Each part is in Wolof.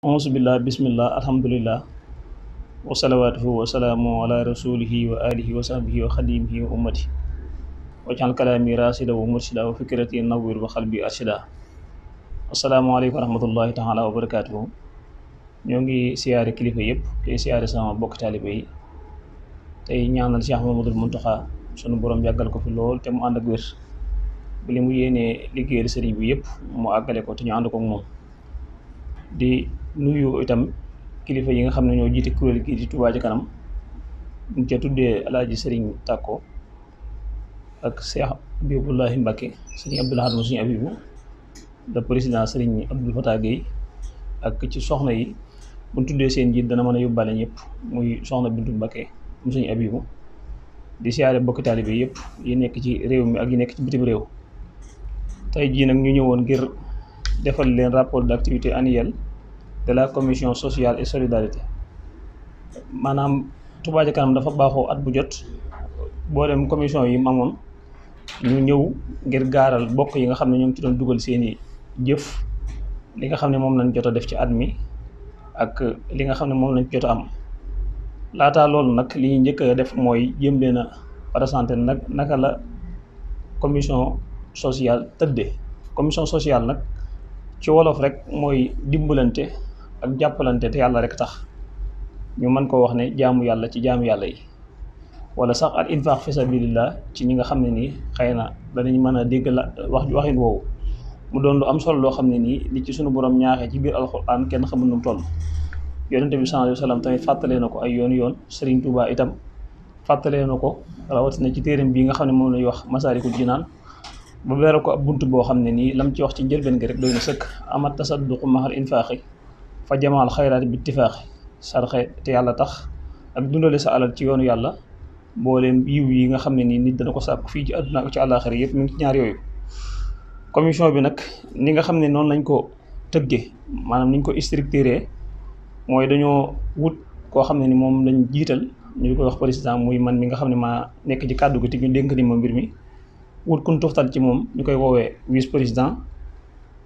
ausubillah bismillah alhamdulillah wa salawaatuhu wa salaamu ala wa alihi wa sahbihi wa xadimihi wa ummati wajal kalaami rasida wa mursida wa fikrati nawwir wa xalbi arshida assalaamu aleykum wa rahmatullahi taala wa barakatuhu ñoo ngi siyaare kilifa yëpp tey siyaare sama bokki taalibe yi tey ñaanal Cheikh Mamadul Muntaxa sunu borom yàggal ko fi lool te mu ànd ak wér ba mu yéenee liggéeyal sëriñ bi yëpp mu àggale ko te ñu ànd ko di nuyu itam kilifa yi nga xam ne ñoo jiite kuréel gi di Touba Ca Kanam ñu ca tuddee alaaji Serigne Tàkko ak Cheikh Abibullahi Mbacké Serigne Abdou Lahad Serigne Abibu le président Serigne Abdou Fatah Gueye ak ci soxna yi bu tuddee seen jiit dana mën a yóbbaale ñëpp muy soxna Bintu Mbacké mu Serigne Abibu di siyaare bokki taalibe yëpp yi nekk ci réew mi ak yi nekk ci bitim réew tey jii nag ñu ñëwoon ngir defal leen rapport d'activité annuel de la commission sociale et solidarité maanaam Touba Ca Kanam dafa baaxoo at bu jot boo dem commission yi mu amoon ñu ñëw ngir gaaral bokk yi nga xam ne ñoom ci doon dugal seeni jëf li nga xam ne moom lañ jot a def ci at mi ak li nga xam ne moom lañ jot a am laataa loolu nag li ñuy njëkk a def mooy jéem na a nag naka la commission sociale tëdde commission sociale nag ci wolof rek mooy dimbalante ak jàppalante te yàlla rek tax ñu mën koo wax ne jaamu yàlla ci jaamu yàlla yi wala sax al infaq fi sabilillah ci ñi nga xam ne nii xëy na danañ mën a dégg la wax waxin woowu mu doon lu am solo loo xam ne nii li ci suñu borom ñaaxee ci biir alquran kenn xamul nu mu toll yonente bi sallallahu alayhi wasallam tamit fàttalee na ko ay yoon yoon sëriñ Touba itam fàttalee na ko rawatina ci téeram bii nga xam ne moom lañuy wax Masaalikul Jinaan ba beral ko ab bunt boo xam ne nii lam ci wax ci njëlbeen gi rek doy na sëkk amat tasadduqu mahal infaaxi fa jamaal xayraati bi tifaaxi sarxe te yàlla tax ak dundale sa alal ci yoonu yàlla mbooleem yiw yi nga xam ne nii nit dana ko sàkku fii ci àdduna ak ci àllaaxira yëpp mu ngi ci ñaar yooyu commission bi nag ni nga xam ne noonu lañ ko tëgge maanaam niñ ko structuré mooy dañoo wut koo xam ne ni moom lañ jiital ñu koy wax président muy man mi nga xam ne maa nekk ci kàddu gi te ñu mbir mi wut kun tuxtal ci moom ñu koy woowee vice président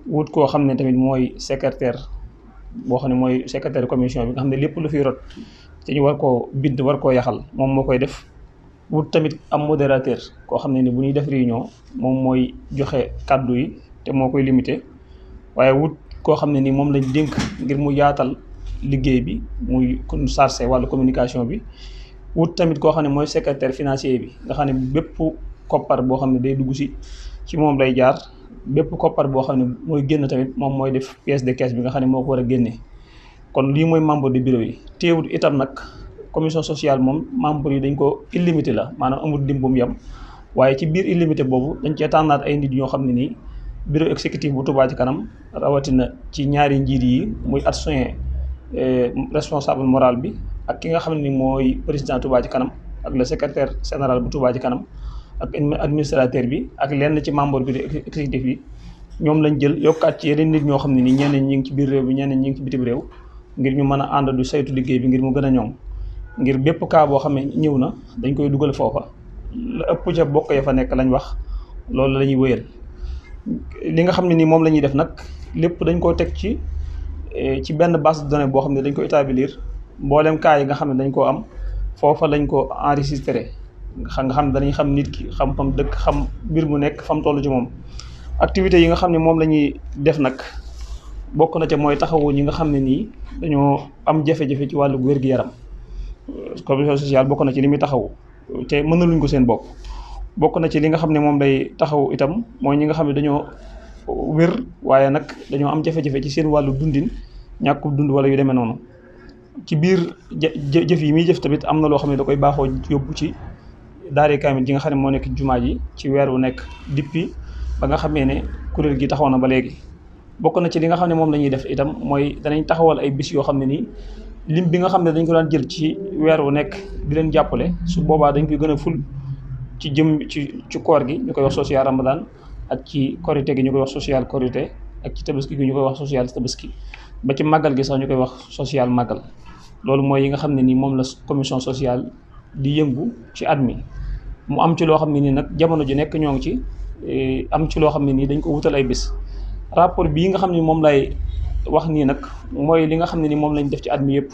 wut koo xam ne tamit mooy secrétaire boo xam ne mooy secrétaire commission bi nga xam lépp lu fiy rot ñu war koo bind war koo yaxal moom moo koy def wut tamit am modérateur koo xam ne ni bu ñuy def réunion moom mooy joxe kàddu yi te moo koy limité waaye wut koo xam ne ni moom lañ dénk ngir mu yaatal liggéey bi muy kon chargé wàllu communication bi wut tamit koo xam ne mooy secrétaire financier bi nga xam ne bépp koppar boo xam ne day dugg si ci moom lay jaar bépp koppar boo xam ne mooy génn tamit moom mooy def pièce de caisse bi nga xam ne moo ko war a génne kon lii mooy membre de bureau yi teewut itam nag commission sociale moom membre yi dañ ko illimité la maanaam amul lim bu yem waaye ci biir illimité boobu dañ cee tànnaat ay nit ñoo xam ne nii bureau exécutif bu Touba ci kanam rawatina ci ñaari njiir yi muy adjoint eh, responsable moral bi ak ki nga xam ni mooy président Touba ci kanam ak le secrétaire général bu ci kanam ak administrateur bi ak lenn ci membre bi exécutif bi ñoom lañ jël yokkaat ci yeneen nit ñoo xam ne ni ñeneen ñi ngi ci biir réew bi ñeneen ñi ci bitib réew ngir ñu mën a ànd du saytu liggéey bi ngir mu gën a ñoom ngir bépp cas boo xam ne ñëw na dañ koy dugal foofa la ëpp ca bokk ya fa nekk lañ wax loolu la ñuy wëyal li nga xam ne nii moom la ñuy def nag lépp dañ koo teg ci eh, ci benn base de données boo xam ne dañ ko établir mboolem cas yi nga xam ne dañ koo am foofa lañ ko enregistré xam nga xam ne danañ xam nit ki xam fam dëkk xam mbir mu nekk fam toll ci moom activité yi nga xam ne moom la ñuy def nag bokk na ca mooy taxawu ñi nga xam ne nii dañoo am jafe ci wàllu wér yaram commission sociale bokk na ci li muy taxawu te mënaluñ ko seen bopp bokk na ci li nga xam ne moom lay taxaw itam mooy ñi nga xam ne dañoo wér waaye nag dañoo am jafe-jafe ci seen wàllu dundin ñàkkub dund wala yu demee noonu ci biir jëf yi muy jëf tamit am na loo xam ne da koy baaxoo yóbbu ci daaree kaamil ji nga xam ne moo nekk jumaa ji ci weer wu nekk dippi ba nga xamee ne kuréel gi taxaw na ba léegi bokk na ci li nga xam ne moom la ñuy def itam mooy danañ taxawal ay bis yoo xam ne nii lim bi nga xam ne dañ ko daan jël ci weer wu nekk di leen jàppale su boobaa dañ koy gën a ful ci jëm ci ci koor gi ñu koy wax social ramadan ak ci korité gi ñu koy wax social korité ak ci tabaski gi ñu koy wax social tabaski ba ci màggal gi sax ñu koy wax social màggal loolu mooy yi nga xam ne nii moom la commission sociale di yëngu ci at mi mu am ci loo xam ne nii nag jamono ji nekk ñoo ngi ci eh, am ci loo xam ne nii dañ ko wutal ay bis rapport bii nga xam ne moom lay wax nii nag mooy li nga xam ne nii moom lañu def ci at mi yëpp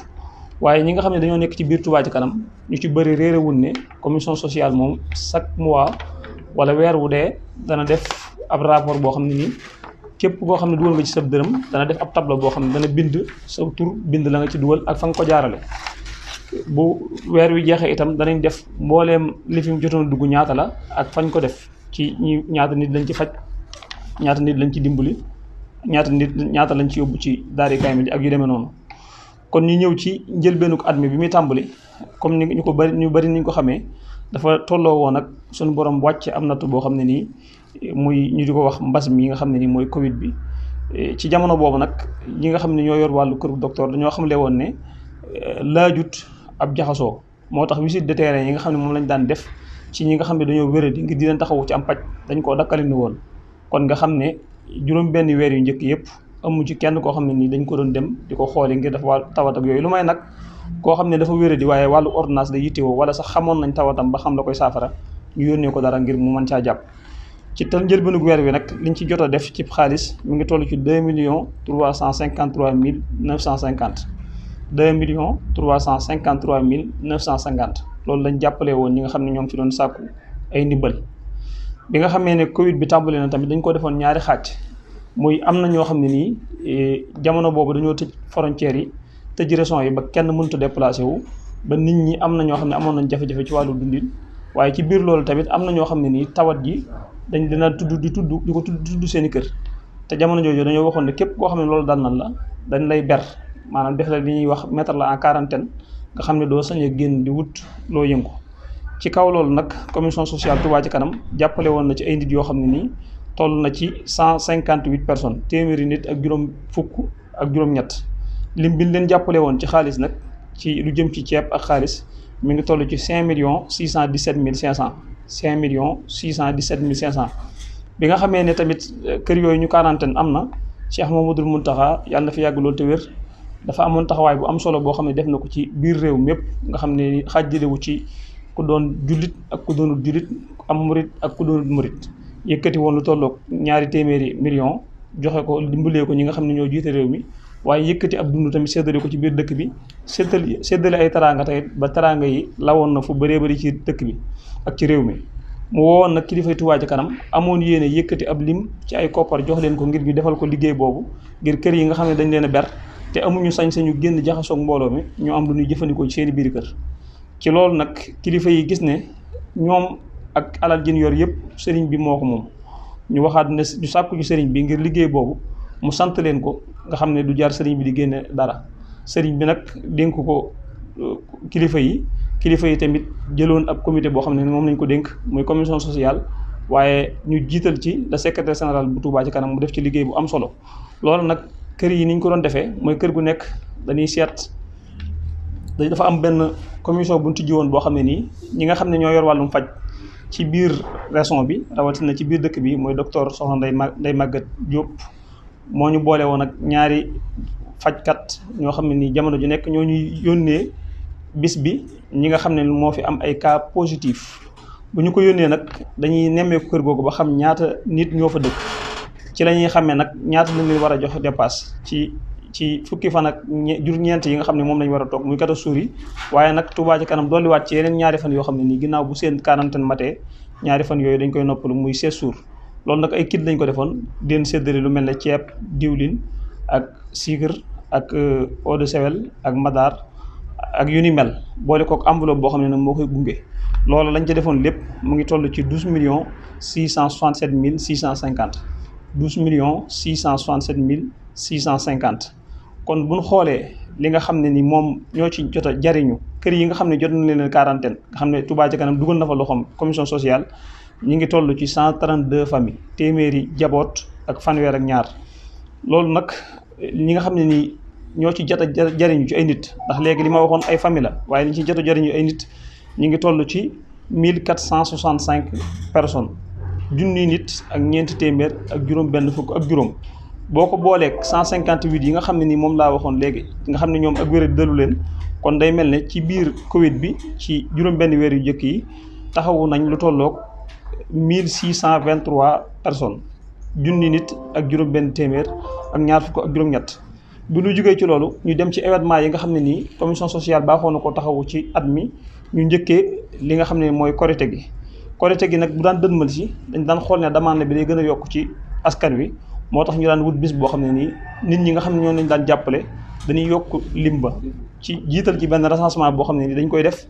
waaye ñi nga xam ne dañoo nekk ci biir Touba Ca Kanam ñu ci bëri réerewul ne commission sociale moom chaque mois wala weer wu dee dana def ab rapport boo xam ne nii képp koo xam ne dugal nga ci sa dërëm dana def ab tableau boo xam ne dana bind sa tur bind la ci dugal ak fa nga ko jaarale bu weer wi jeexee itam danañ def mbooleem li fi mu jotoon dugg ñaata la ak fañ ko def ci ñi ñaata nit lañ ci faj ñaata nit lañ ci dimbali ñaata nit ñaata lañ ci yóbbu ci daari mi ji ak yu demee noonu kon ñu ñëw ci njëlbeenu at mi bi muy tàmbali comme ni ñu ko bari ñu bari niñ ko xamee dafa tolloo woon ak suñu borom wàcce am natt boo xam ne nii muy ñu di ko wax mbas mi nga xam ne nii mooy Covid bi ci jamono boobu nag ñi nga xam ne ñoo yor wàllu kër docteur dañoo xamle woon ne ab jaxasoo moo tax visite de terrain yi nga xam ne moom lañ daan def ci ñi nga xam ne dañoo wéradi ngir di leen taxawu ci am paj dañ koo dakkalinu woon kon nga xam ne juróom benn weer yu njëkk yëpp amu ci kenn koo xam ne nii dañ ko doon dem di ko xooli ngir dafa wàllu tawat yooyu lu may nag koo xam ne dafa wéradi waaye wàllu ordonnance day yittewoo wala sax xamoon nañ tawatam ba xam la koy saafara ñu yónnee ko dara ngir mu mën caa jàpp ci tal njëlbeenu weer wi nag liñ ci jot def ci xaalis mi ngi toll ci deux millions trois cent cinquante trois mille neuf cent cinquante deux million trois cent cinquante trois mille neuf cent cinquante loolu lañu jàppale woon ñi nga xam ne ñoom fi doon sàkku ay ndimbal bi nga xamee ne Covid bi tàmbali na tamit dañ ko defoon ñaari xaaj muy am na ñoo xam ne nii eh, jamono boobu dañoo tëj frontières yi tëj régions yi ba kenn mënut a déplacé wu ba nit ñi am na ñoo xam ne amoon nañ jafe-jafe ci wàllu dundin waaye ci biir loolu tamit am na ñoo xam ne nii tawat ji dañ dina tudd di tudd di ko tudd tudd seen i kër te jamono jooju dañoo waxoon ne képp koo xam ne loolu dal la dañ lay ber. maanaam def la li ñuy wax mettre la en quarantaine nga xam ne doo sañ a génn di wut loo yëngu ci kaw loolu nag commission sociale Touba ci kanam jàppale woon na ci ay nit yoo xam ne nii toll na ci cent cinquante huit personnes téeméeri nit ak juróom fukk ak juróom-ñett lim bi ñu leen jàppale woon ci xaalis nag ci lu jëm ci ceeb ak xaalis mi ngi toll ci cinq millions six cent dix mille cinq cent cinq millions six cent dix bi nga xamee ne tamit kër yooyu ñu quarantaine am na Cheikh Mamadou Mountakha yàlla na fi yàgg te wér dafa amoon taxawaay bu am solo boo xam ne def na ko ci biir réew mépp nga xam ne xaajalewu ci ku doon jullit ak ku doonul jullit am murit ak ku doonul murit yëkkati woon lu tolloog ñaari téeméeri million joxe ko dimbalee ko ñi nga xam ne ñoo jiite réew mi waaye yëkkati ab dund tamit séddale ko ci biir dëkk bi séddale séddale ay taraanga tey ba taraanga yi lawoon na fu bëree bëri ci dëkk bi ak ci réew mi mu woowoon nag kilifa Touba Ca Kanam amoon yée yëkkati ab lim ci ay koppar jox leen ko ngir ñu defal ko liggéey boobu ngir kër yi nga xam ne dañ leen a ber te amuñu sañ-sañu génn jaxasoog mbooloo mi ñu am lu ñuy jëfandikoo ci seeni biir kër ci loolu nag kilifa yi gis ne ñoom ak alal jin yor yëpp sëriñ bi moo ko moom ñu waxaat ne ñu sàkku ci sëriñ bi ngir liggéey boobu mu sant leen ko nga xam ne du jaar sëriñ bi di génne dara sëriñ bi nag dénk ko euh, kilifa yi kilifa yi tamit jëloon ab comité boo xam ne moom lañ ko dénk muy commission sociale waaye ñu jiital ci la secrétaire général bu Touba ci kanam mu def ci liggéey bu am solo kër yi ni ñu ko doon defee mooy kër gu nekk dañuy seet dafa am benn commission bu ñu tijji woon boo xam ne nii ñi nga xam ne ñoo yor wàllum faj ci biir raison bi rawatina ci biir dëkk bi mooy docteur Soxna Ndeye Ndeye màggat Diop moo ñu boole woon ak ñaari fajkat ñoo xam ne nii jamono ju nekk ñoo ñuy yónnee bis bi ñi nga xam ne moo fi am ay cas positif bu ñu ko yónnee nag dañuy nemmeeku kër googu ba xam ñaata nit ñoo fa dëkk. ci la ñuy xamee nag ñaata la ñuy war a jox dépasse ci ci fukki fan ak jur ñeent yi nga xam ne moom lañu war a toog muy quatorze jours yi waaye nag tubaa ci kanam dolliwaat ci yeneen ñaari fan yoo xam ne nii ginnaaw bu seen quarantaine matee ñaari fan yooyu dañ koy noppalu muy seize jours loolu nag ay kit lañ ko defoon den séddale lu mel ne ceeb diwlin ak sucre ak euh, eau de sevel ak madar ak yu ni mel boole kook enveloppe boo xam ne nag moo koy gunge loolu lañ ca defoon lépp mu ngi toll ci douze million six cent soixante-sept mille six cent cinquante douze million six cent soixante sept mille six cent cinquante kon bu ñu xoolee li nga xam ne ni moom ñoo ci jot jariñu kër yi nga xam ne jot na leen quarantaine nga xam ne Touba ca kanam dugal na fa loxoom commission sociale ñu ngi toll ci cent trent deux famille téeméeri jaboot ak fanweer ak ñaar loolu nag ñi nga xam ne nii ñoo ci jot a jariñu ci ay nit ndax léegi li ma waxoon ay famille la waaye li ñu ci jot a jariñu ay nit ñu ngi toll ci mille quatre cent soixante cinq personnes. junni nit ak ñeenti téeméer ak juróom benn fukk ak juróom boo ko booleeg cent cinquante huit yi nga xam ne nii moom laa waxoon léegi nga xam ne ñoom ak wér dalu leen kon day mel ne ci biir Covid bi ci juróom benn weer yu njëkk yi taxawu nañ lu tollook mille six cent vingt trois personnes junni nit ak juróom benn téeméer ak ñaar fukk ak juróom-ñett bu ñu jógee ci loolu ñu dem ci événement yi nga xam ne nii commission sociale baaxoon na ko taxawu ci at mi ñu njëkkee li nga xam ne mooy korite gi korite gi nag bu daan dënmal si dañ daan xool ne demande bi day gën a yokk ci askan wi moo tax ñu daan wut bis boo xam ne nii nit ñi nga xam ne ñoo lañ daan jàppale dañuy yokk lim ba ci jiital ci benn recensement boo xam ne nii dañ koy def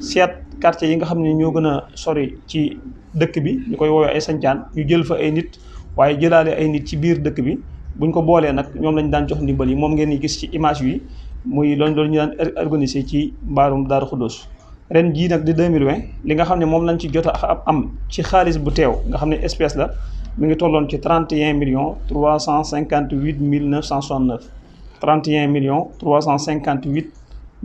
seet quartier yi nga xam ne ñoo gën a sori ci dëkk bi ñu koy woowee ay sancaan ñu jël fa ay nit waaye jëlaale ay nit ci biir dëkk bi buñ ko boolee nag ñoom lañ daan jox ndimbal yi moom ngeen di gis ci image yi muy loolu loolu ñu daan organiser er-, ci mbaarum Daaru Xuddoos ren jii nag di 2020 li nga xam ne moom lañ ci jot a am ci xaalis bu teew nga xam ne espèce la mu ngi tolloon ci 31 millions 358 mille 969 31 millions 358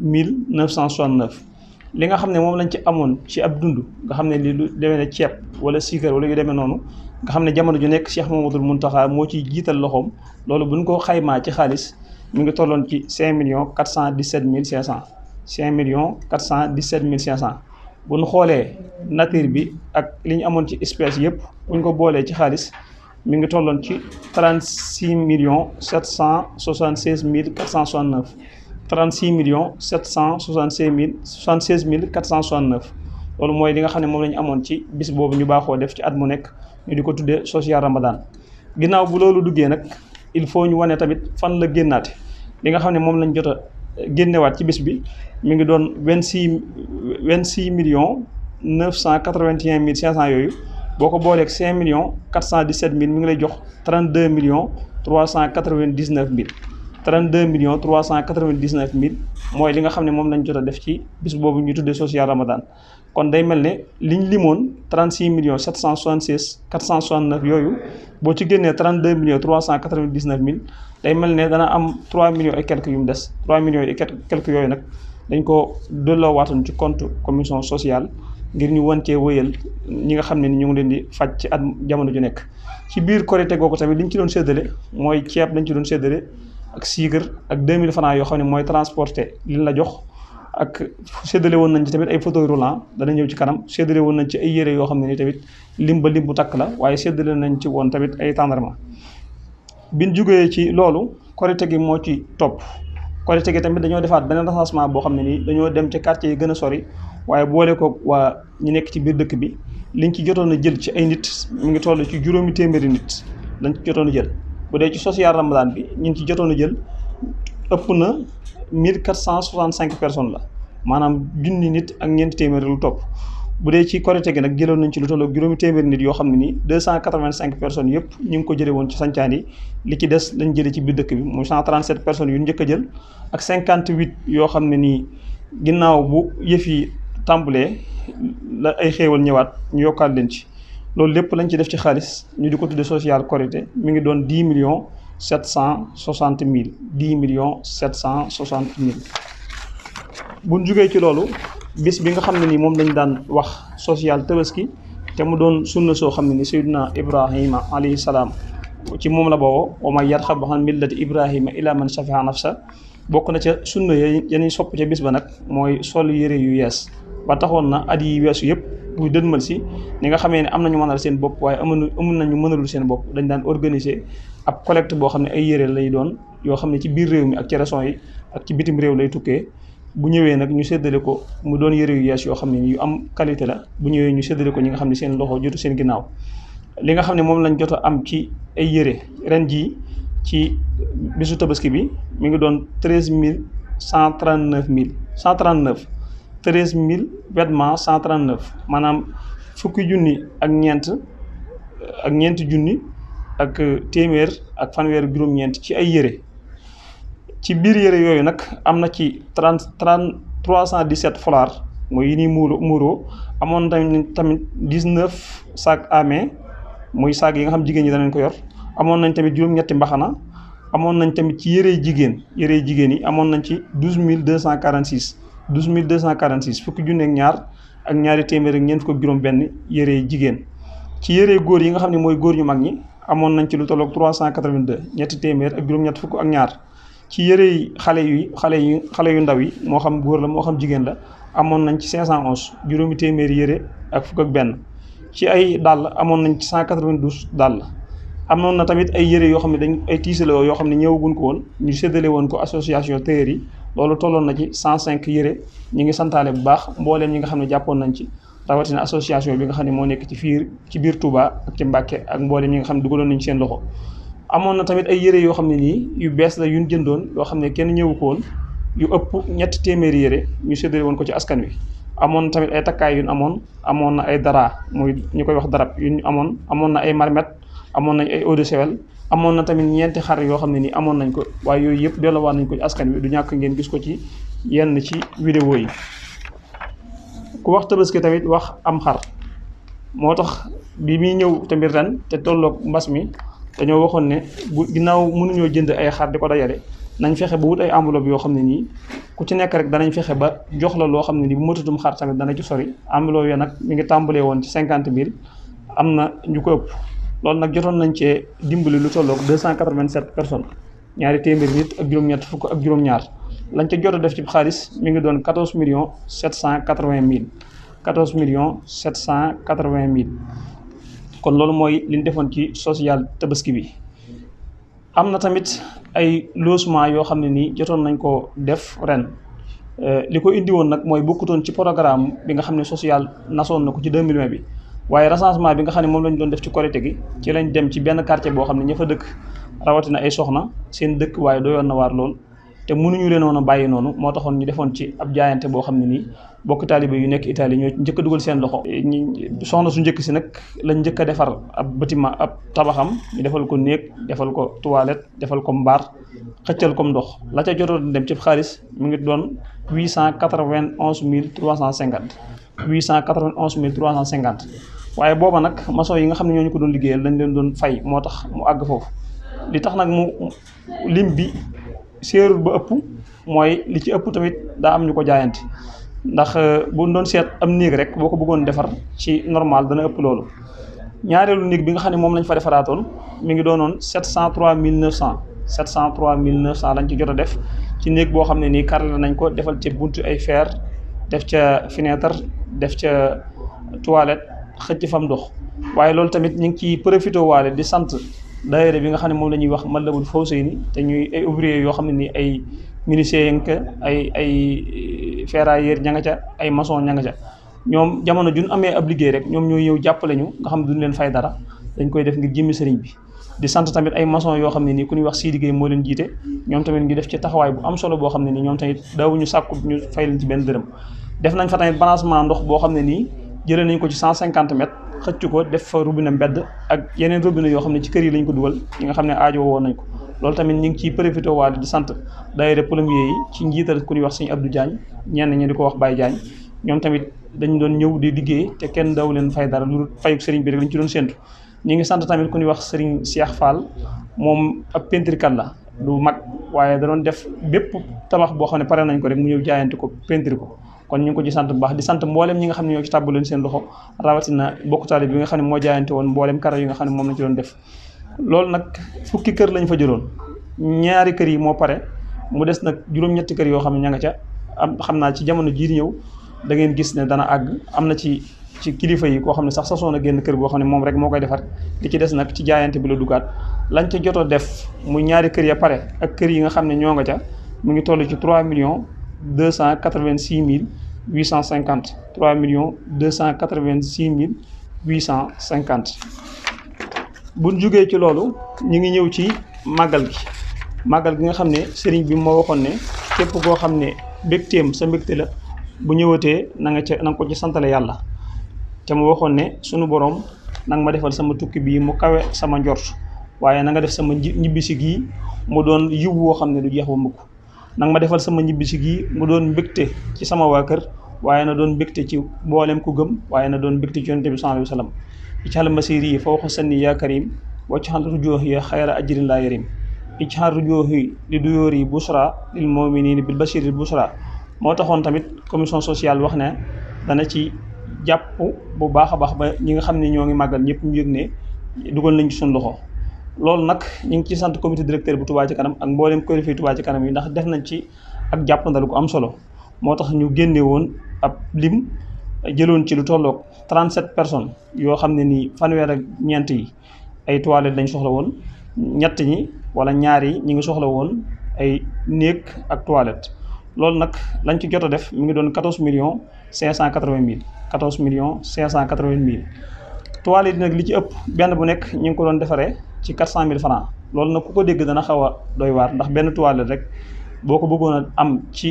mille 969 li nga xam ne moom lañ ci amoon ci ab dund nga xam ne li lu demee ne ceeb wala suukar wala yu demee noonu nga xam ne jamono ju nekk Cheikh mun Mountakha moo ciy jiital loxoom loolu buñ ko xaymaa ci xaalis mi ngi tolloon ci 5 millions 417 mille 500 cinq millions quatre cent dix sept mille cinq cent bu nu xoolee nature bi ak li ñu amoon ci espèce yëpp bu ñu ko boolee ci xaalis mi ngi tolloon ci trente six millions sept cent soixante seize mille quatre cent soixante neuf trente six millions sept cent soixante seize mille soixante seize mille quatre cent soixante neuf loolu mooy li nga xam ne moom lañu amoon ci bis boobu ñu baaxoo def ci at mu nekk ñu di ko tuddee social ramadan ginnaaw bu loolu duggee nag il faut ñu wane tamit fan la génnaate li nga xam ne moom lañ jot a génnewaat ci bis bi mi ngi doon vingt six vingt six million neuf cent quatre vingt et un mille cent yooyu boo ko booleeg cinq million quatre cent dix sept mille mi ngi lay jox trente deux millions trois cent quatre vingt dix neuf mille. 32 millions 399 mille mooy li nga xam ne moom lañ jot a def ci bis boobu ñu tuddee social Ramadan kon day mel ne liñ limoon 36 millions 776 469 yooyu boo ci génnee 32 millions 399 mille day mel ne dana am 3 millions et quelques yu mu des 3 millions et quelques yooyu nag dañ ko delloowaatoon ci compte commission sociale ngir ñu wan cee wëyal ñi nga xam ne ni ñu ngi leen di faj ci at jamono ju nekk ci biir Korité googu tamit liñ ci doon séddale mooy ceeb lañ ci doon séddale. ak siigër ak 2000 francs yoo xam ne mooy transporté liñ la jox ak séddale woon nañ ci tamit ay fauteuil roulant dana ñëw ci kanam séddale woon nañ ci ay yére yoo xam ne nii tamit lim ba lim bu takk la waaye séddale nañ ci woon tamit ay tendrement biñ jugee ci loolu korite gi moo ci topp korite gi tamit dañoo defaat beneen recensement boo xam ne nii dañoo dem ci quartier yi gën a sori waaye boole ko waa ñu nekk ci biir dëkk bi liñ ci jotoon a jël ci ay mu ngi toll ci juróomi téeméeri nit lañ jotoon jël bu dee ci social ramadan bi ñu ngi ci jotoon a jël ëpp na 1465 personnes la maanaam junni nit ak ñeenti téeméeri lu topp bu dee ci korite gi nag jëloon nañ ci lu toll ak juróomi téeméeri nit yoo xam ne nii 285 personnes yëpp ñu ngi ko jëlee woon ci sancaan yi li ci des lañ jëlee ci biir dëkk bi muy 137 personnes yu njëkk a jël ak 58 yoo xam ne nii ginnaaw bu yëf yi tàmbalee la ay xéewal ñëwaat ñu yokkaat leen ci. loolu lépp lañ ci def ci xaalis ñu di ko tudde social Korité mi ngi doon dix millions sept cent soixante mille dix millions sept cent soixante mille buñ jugee ci loolu bis bi nga xam ne ni moom lañu daan wax social tabaski te mu doon sunna soo xam ne ni sayduna ibrahima alayhi salaam ci moom la bawoo wa man yarxabu an millati ibrahima ila man safiha nafsa bokk na ca sunna ya yanuy sopp ca bis ba nag mooy sol yére yu wees ba taxoon na at yi weesu yëpp buy dënmal si ñi nga xamee ne am nañu mënal seen bopp waaye amuñu na nañu mënalul seen bopp dañ daan organiser ab collecte boo xam ne ay yére lay doon yoo xam ne ci biir réew mi ak ci régions yi ak ci bitim réew lay tukkee bu ñëwee nag ñu séddale ko mu doon yére yu yees yoo xam ne yu am qualité la bu ñëwee ñu séddale ko ñi nga xam ne seen loxo jotu seen ginnaaw li nga xam ne moom lañ joto a am ci ay yére ren jii ci bisu tabaski bi mu ngi doon treize mille cent trente neuf mille cent treize mille vêtements cent trente neuf maanaam fukki junni ak ñeent ak ñeent junni ak téeméer ak fanweer juróom-ñeent ci ay yére ci biir yére yooyu nag am na ci trent trent trois cent dix sept foulard mooy yi ni muuro muuro amoon tamit tamit dix neuf sac à main muy sac yi nga xam jigéen ñi danañ ko yor amoon nañ tamit juróom-ñetti mbaxana amoon nañ tamit ci yére jigéen yére jigéen yi amoon nañ ci douze mille deux cent quarante six douze mille deux cent quarante six fukki junne ak ñaar ak ñaari téeméer ak ñeent fukk ak juróom-benn yére jigéen ci yére góor yi nga xam ne mooy góor ñu mag ñi amoon nañ ci lu tolloog trois cent quatre vingt deux ñetti téeméer ak juróom ñaar ci yére xale yu xale yu xale yu ndaw yi moo xam góor la moo xam jigéen la amoon nañ ci cinq cent onze juróomi téeméer yére ak fukk ak benn ci ay dàll amoon nañ ci cent quatre vingt douze dàll. amoon na tamit ay yére yoo xam ne dañ ay tiisaloo yoo xam ne ñëwaguñ ko woon ñu séddale woon ko association téer yi loolu tolloon na ci cinq yére ñi ngi santaale bu baax mbooleem ñi nga xam ne jàppoon nañ ci rawatina association bi nga xam ne moo nekk ci fiir ci biir Touba ak ci Mbàkke ak mbooleem ñi nga xam ne dugaloon nañu seen loxo amoon na tamit ay yére yoo xam ne nii yu bees la yuñ jëndoon loo xam ne kenn ñëwu ko woon yu ëpp ñetti téeméeri yére ñu séddale woon ko ci askan wi amoon na tamit ay takkaay yuñ amoon amoon na ay dara muy ñu koy wax darab yuñ amoon amoon na ay marmet amoon nañ ay eau de javel amoon na tamit ñeenti yoo xam ne nii amoon nañ ko waaye yooyu yëpp delloowaat nañ ko ci askan wi du ñàkk ngeen gis ko ci yenn ci vidéo yi ku wax tabaski tamit wax am xar moo tax bi muy ñëw tamit ren te tollook mbas mi dañoo waxoon ne bu ginnaaw mënuñoo jënd ay xar di ko dajale nañ fexe ba wut ay enveloppe yoo xam ne nii ku ci nekk rek danañ fexe ba jox la loo xam ne nii bu matatum xar tamit dana ci sori enveloppe yo nag mi ngi tàmbalee woon ci cinquante mille am na ñu ko ëpp loolu nag jotoon nañ cee dimbali lu tolloog 287 personnes ñaari téeméeri nit ak juróom fukk ak juróom-ñaar lañ ca jot a def ci xaalis mi ngi doon 14 millions 780 mille 14 millions 780 mille kon loolu mooy liñ defoon ci social tabaski bi. am na tamit ay logement yoo xam ne nii jotoon nañ ko def ren euh, li ko indi woon nag mooy bokkutoon ci programme bi nga xam ne social nasoon na ko ci 2020 bi. waaye recensement bi nga xam ne moom lañ doon def ci korité gi ci lañ dem ci benn quartier boo xam ne ña fa dëkk rawatina ay soxna seen dëkk waaye yoon na waar lool te mënuñu leen woon a bàyyi noonu moo taxoon ñu defoon ci ab jaayante boo xam ne nii bokk taalibe yu nekk Italie ñoo njëkk a dugal seen loxo. soxna su njëkk si nag lañ njëkk a defar ab batiment ab tabaxam ñu defal ko néeg defal ko toilette defal ko mbaar xëccal ko ndox la ca jotoon dem ci xaalis mu ngi doon huit cent quatre vingt cent cinquante 891 mille 350 waaye booba nag maçon yi nga xam ne ñooñu ko doon liggéeyal lañ leen doon fay moo tax mu àgg foofu li tax nag mu lim bi séerul ba ëpp mooy li ci ëpp tamit daa am ñu ko jaayante ndax euh, bu doon seet am néeg rek boo ko bëggoon defar ci normal dana ëpp loolu ñaareelu néeg bi nga xam ne moom lañ fa defaraatoon mu ngi doonoon 703 900 703 900 lañ ci jot a def ci néeg boo xam ne nii carrelé nañ ko defal ci buntu ay fer def ca fenêtre def ca toilette xëcc fam ndox waaye loolu tamit ñu ngi ciy profité waale di sant daayira bi nga xam ne moom la ñuy wax Matlabul Fawzayni te ñuy ay ouvrier yoo xam ne ni ay menuisier nga ay ay eh, ferrailleur ña nga ca ay maçon ña nga ca ñoom jamono ju juñ amee ab liggéey rek ñoom ñoo ñëw jàppale ñu nga xam ne duñ leen fay dara dañ koy def ngir jëmmi sëriñ bi di sant tamit ay maçon yoo xam ne nii ku ñuy wax si liggéey moo leen jiite ñoom tamit ngi def ci taxawaay bu am solo boo xam ne nii ñoom tamit daawuñu sàkku ñu fay leen dërëm def nañ fa tamit branchement ndox boo xam ne nii jëlee nañ ko ci cent cinquante mètres xëcc ko def fa robinet mbedd ak yeneen robinet yoo xam ne ci kër yi lañ ko dugal yi nga xam ne aajo woon nañ ko loolu tamit ñu ngi ciy profité waale di sant daayira plombier ci njiital ku ñuy wax sëñ Abdou Diagne ñenn ñi di ko wax Baye Diagne ñoom tamit dañu doon ñëw di liggéey te kenn daw leen fay dara lu fayu sëriñ bi rek lañ ci doon séntu ñu ngi sant tamit ku ñuy wax sëriñ Cheikh Fall moom ab pentrikat la du mag waaye da doon def bépp tabax boo xam ne pare nañ ko rek mu ñëw jaayante ko pentri ko kon ñu ngi ko ci sant bu baax di sant mboolem ñi nga xam ne ñoo ci tàbbu leen seen loxo rawatina bokk taali bi nga xam ne moo jaayante woon mboolem kara yi nga xam moom lañ ci doon def loolu nag fukki kër lañ fa jëloon ñaari kër yi moo pare mu des nag juróom kër yoo xam ne ña nga ca am xam naa ci jamono jii di ñëw da ngeen gis ne dana àgg am na ci ci kilifa yi koo xam ne sax sasoon a génn kër goo xam ne moom rek moo koy defar li ci des nag ci jaayante bi la dugaat lañ ca jot def muy ñaari kër ya pare ak kër yi nga xam ne ñoo nga ca mu ngi toll ci 3 millions deux cent quatre vingt six mille huit cent cinquante trois millions deux cent quatre vingt six mille huit cent cinquante. buñ jógee ci loolu ñu ngi ñëw ci màggal gi màggal gi nga xam ne sëriñ bi moo waxoon ne képp koo xam ne mbégteem sa mbégte la bu ñëwatee na nga ca na nga ko ci santale yàlla te mu waxoon ne sunu borom nanga ma defal sama tukki bii mu kawe sama njort waaye na nga def sama ñibbisi gii mu doon yiw woo xam ne du jeex ba mukk nanga ma defal sama ñibbisi gi mu doon mbégte ci sama waa kër waaye na doon mbégte ci mboolem ku gëm waaye na doon mbégte ci yonent bi sallallahu alayhi wa sallam ijaal masiri yi fawqa sanni yaa karim waccaxal rujoohi xayra ajrin laa yarim ijaal rujoohi li duyoor yi busra lil muminina bil bashiril busra moo taxoon tamit commission sociale wax ne dana ci jàpp bu baax a baax ba ñi nga xam ne ñoo ngi màggal ñëpp ñu yëg ne dugal nañ ci suñ loxo loolu nag ñu ngi ci sant comité directeur bu Touba ci kanam ak mboolem kuréel Touba ci kanam yi ndax def nañ ci ak jàppandal ko am solo moo tax ñu génne woon ab lim jëloon ci lu tolloog 37 personnes yoo xam ne nii fanweer ak ñeent yi ay toilettes lañ soxla woon ñett ñi wala ñaari yi ñu ngi soxla woon ay néeg ak toilette loolu nag lañ ci jot a def mi ngi doon 14 millions 580 mille 14 million 580 mille toilettes yi nag li ci ëpp benn bu nekk ñu ngi ko doon defaree. ci quatre cent mille francs loolu nag ku ko dégg dana xaw a doy waar ndax benn toilette rek boo ko bëggoon a am ci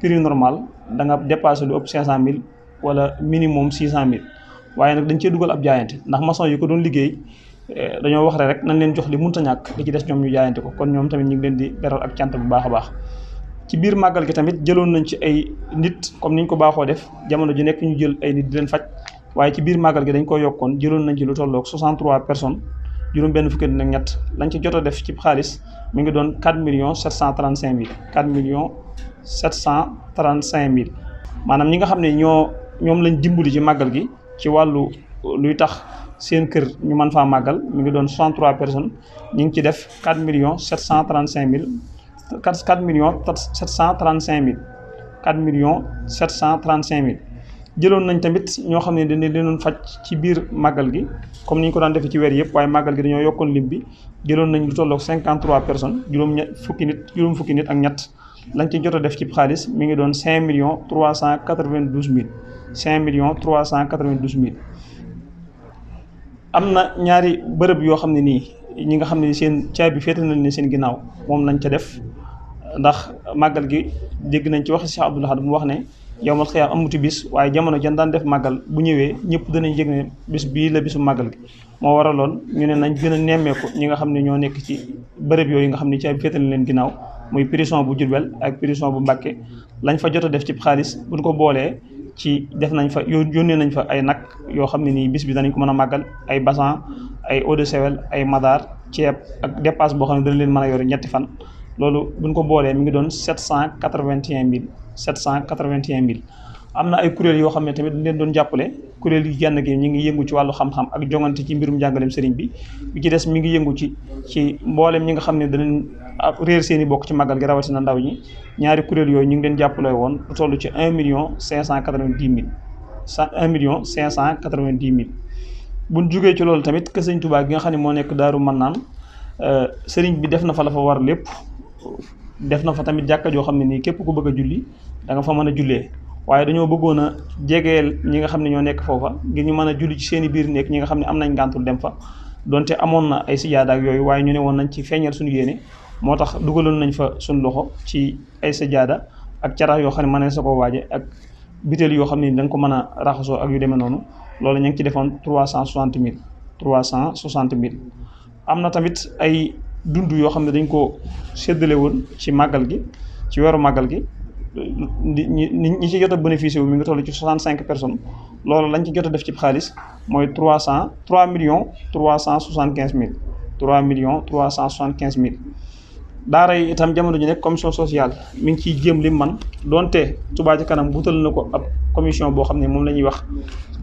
prix normal da nga dépassé lu ëpp cinq cent mille wala minimum six cent mille waaye nag dañ cee dugal ab jaayante ndax maçon yi ko doon liggéey eh, dañoo wax rek nañ leen jox li munta ñàkk li ci des ñoom ñu jaayante ko kon ñoom tamit ñu ngi leen di beral ak cant bu baax a baax ci biir màggal gi tamit jëloon nañ ci ay nit comme niñ ko baaxoo def jamono ji nekk ñu jël ay nit leen faj waaye ci biir màggal gi dañ ko yokkoon jëloon nañ ci lu tolloog 63 personnes juróom benn fukki nag ñett lañ ci jot a def cib xaalis mi ngi doon million 4 millions 735 mille cent millions 735 mille maanaam ñi nga xam ne ñoo ñoom lañ dimbali ci màggal gi ci wàllu luy tax seen kër ñu mën faa màggal mu ngi doon 63 personnes ñu ngi ci def 4 millions 735 mille 4 4 millions 735 mille 4 millions 735 mille jëloon nañ tamit ñoo xam ne dañu leen faj ci biir màggal gi comme ni ñu ko daan defee ci weer yëpp waaye màggal gi dañoo yokkoon lim bi jëloon nañ lu tolloog 53 personnes juróom ña fukki nit juróom fukki nit ak ñett lañ ci jot a def ci xaalis mi ngi doon 5 millions million mille 5 millions 392 mille. am na ñaari bërëb yoo xam ne nii ñi nga xam ne seen caabi féete nañ ne seen ginnaaw moom lañ ca def ndax màggal gi dégg nañ ci wax si Abdoul Ahad mu wax ne. yowmal xiyaam amuti bis waaye jamono jan daan def màggal bu ñëwee ñëpp danañ yëg ne bis bii la bisu màggal gi moo waraloon ñu ne nañ gën a nemmeeku ñi nga xam ne ñoo nekk ci bërëb yooyu nga xam ne ci ay féetal leen ginnaaw muy prison bu Jurbel ak prison bu Mbàkke lañ fa jot def ci xaalis buñ ko boolee ci def nañ fa yónnee nañ fa ay nag yoo xam ne nii bis bi danañ ko mën a màggal ay basan ay eau de sewel ay madaar ceeb ak dépasse boo xam ne dana leen mën a yor ñetti fan loolu buñ ko boolee mu ngi doon sept cent quatre-vingt-un mille sept cent quatre-vingt-un mille am na ay kuréel yoo xam ne tamit dañ leen doon jàppale kuréel yi genn gi ngi yëngu ci wàllu xam ak jongante ci mbirum njàngaleem sëriñ bi bi ci des mi ngi yëngu ci ci mboolem ñi nga xam ne danañ réer seen i bokk ci màggal gi rawatina ndaw ñi ñaari kuréel yooyu ñu ngi leen jàppale woon lu toll ci un million cinq cent quatre-vingt-dix mille un million cinq cent quatre-vingt-dix mille buñ ci loolu tamit que sëriñ Tuubaa nga xam ne moo nekk Daaru naan euh, sëriñ bi def na fa la fa war lépp def na fa tamit jàkka joo xam ne nii képp ku bëgg a julli da nga fa mën a jullee waaye dañoo bëggoon a jegeel ñi nga xam ne ñoo nekk foofa ngir ñu mën a julli ci seen i biir nekk ñi nga xam ne am nañ gàntul dem fa donte amoon na ay sijaada ak yooyu waaye ñu ne woon nañ ci feeñal suñu yéene moo tax dugaloon nañ fa suñu loxo ci ay sijaada ak carax yoo xam ne mënee sa koo waaje ak bitéel yoo xam ne da nga ko mën a raxasoo ak yu demee noonu loolu ñu ngi ci defoon trois cent soixante mil trois cent soixante mille am na tamit ay dund yoo xam ne dañ ko séddale woon ci màggal gi ci weeru màggal gi ñi ñi ci jot a bénéficié wu mi ngi toll ci soixante cinq personnes loolu lañ ci jot a def ci xaalis mooy trois cent trois millions trois cent soixante quinze mille trois millions trois cent soixante quinze mille daara yi itam jamono ji nekk commission social mi ngi ciy jëm li man donte Touba Ca Kanam wutal na ko ab commission boo xam ne moom la ñuy wax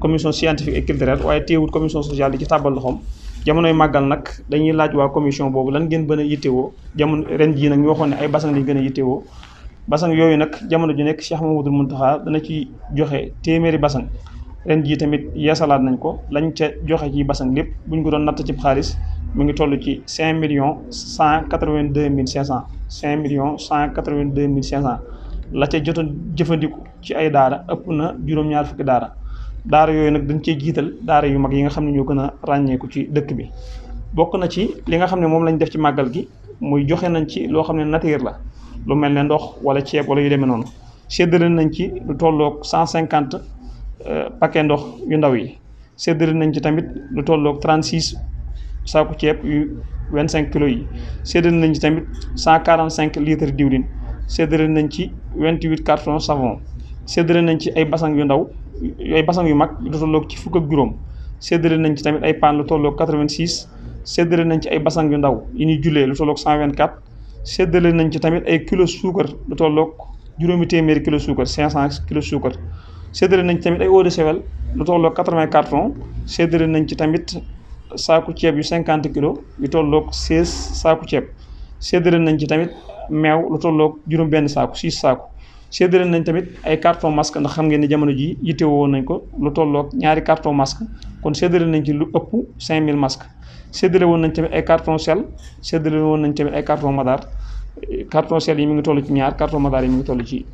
commission scientifique et culturelle waaye téewul commission di ci tàbbal loxoom jamonoy màggal nag dañuy laaj waa commission boobu lan ngeen gën a yittewoo jamono ren jii nag ñu waxoon ne ay basang lañ gën a yittewoo basang yooyu nag jamono ji nekk Cheikh Mamadou Mountakha dana ci joxe téeméeri basang ren jii tamit yeesalaat nañ ko lañ ca joxe ci basang lépp buñ ko doon natt ci xaalis mu ngi toll ci cinq millions cent quatre-vingt-deux mille cinq cent cinq millions cent quatre-vingt-deux mille cinq cent la ca jota jëfandiku ci ay daara ëpp na juróom fukki daara daara yooyu nag dañ cee jiital daara yu mag yi nga xam ne ñoo gën a ràññeeku ci dëkk bi bokk na ci li nga xam ne moom lañ def ci màggal gi muy joxe nañ ci loo xam ne nature la lu mel ne ndox wala ceeb wala yu demee noonu séddale nañ ci lu tolloog cent cinquante euh, paquet ndox yu ndaw yi séddale nañ ci tamit lu tolloog trente six saaku ceeb vingt cinq kilos yi séddale nañ tamit cent quarante cinq litres diwlin séddale nañ ci vingt huit cartons savon séddale nañ ci ay basang yu ndaw yooyu basang yu mag lu tolloog ci fukk ak juróom séddale nañ ci tamit ay paan lu tolloog 86 séddale nañ ci ay basang yu ndaw yu ñuy jullee lu tolloog 124 séddale nañ ci tamit ay kilo suukar lu tolloog juróomi téeméeri kilo suukar 500 kilo suukar séddale nañ ci tamit ay eau de sevel lu tolloog 80 carton séddale nañ ci tamit saaku ceeb yu 50 kilos yu tolloog 16 saaku ceeb séddale nañ ci tamit meew lu tolloog juróom benn saaku 6 saaku séddale nañ tamit ay carton masque ndax xam ngeen ne jamono ji yitte woon nañ ko lu tollook ñaari carton masque kon séddale nañ ci lu ëpp 5000 masques séddale woon nañ tamit ay carton sel séddale woon nañ tamit ay carton madar carton sel yi mi ngi toll ci ñaar carton madar yi mi ngi toll ci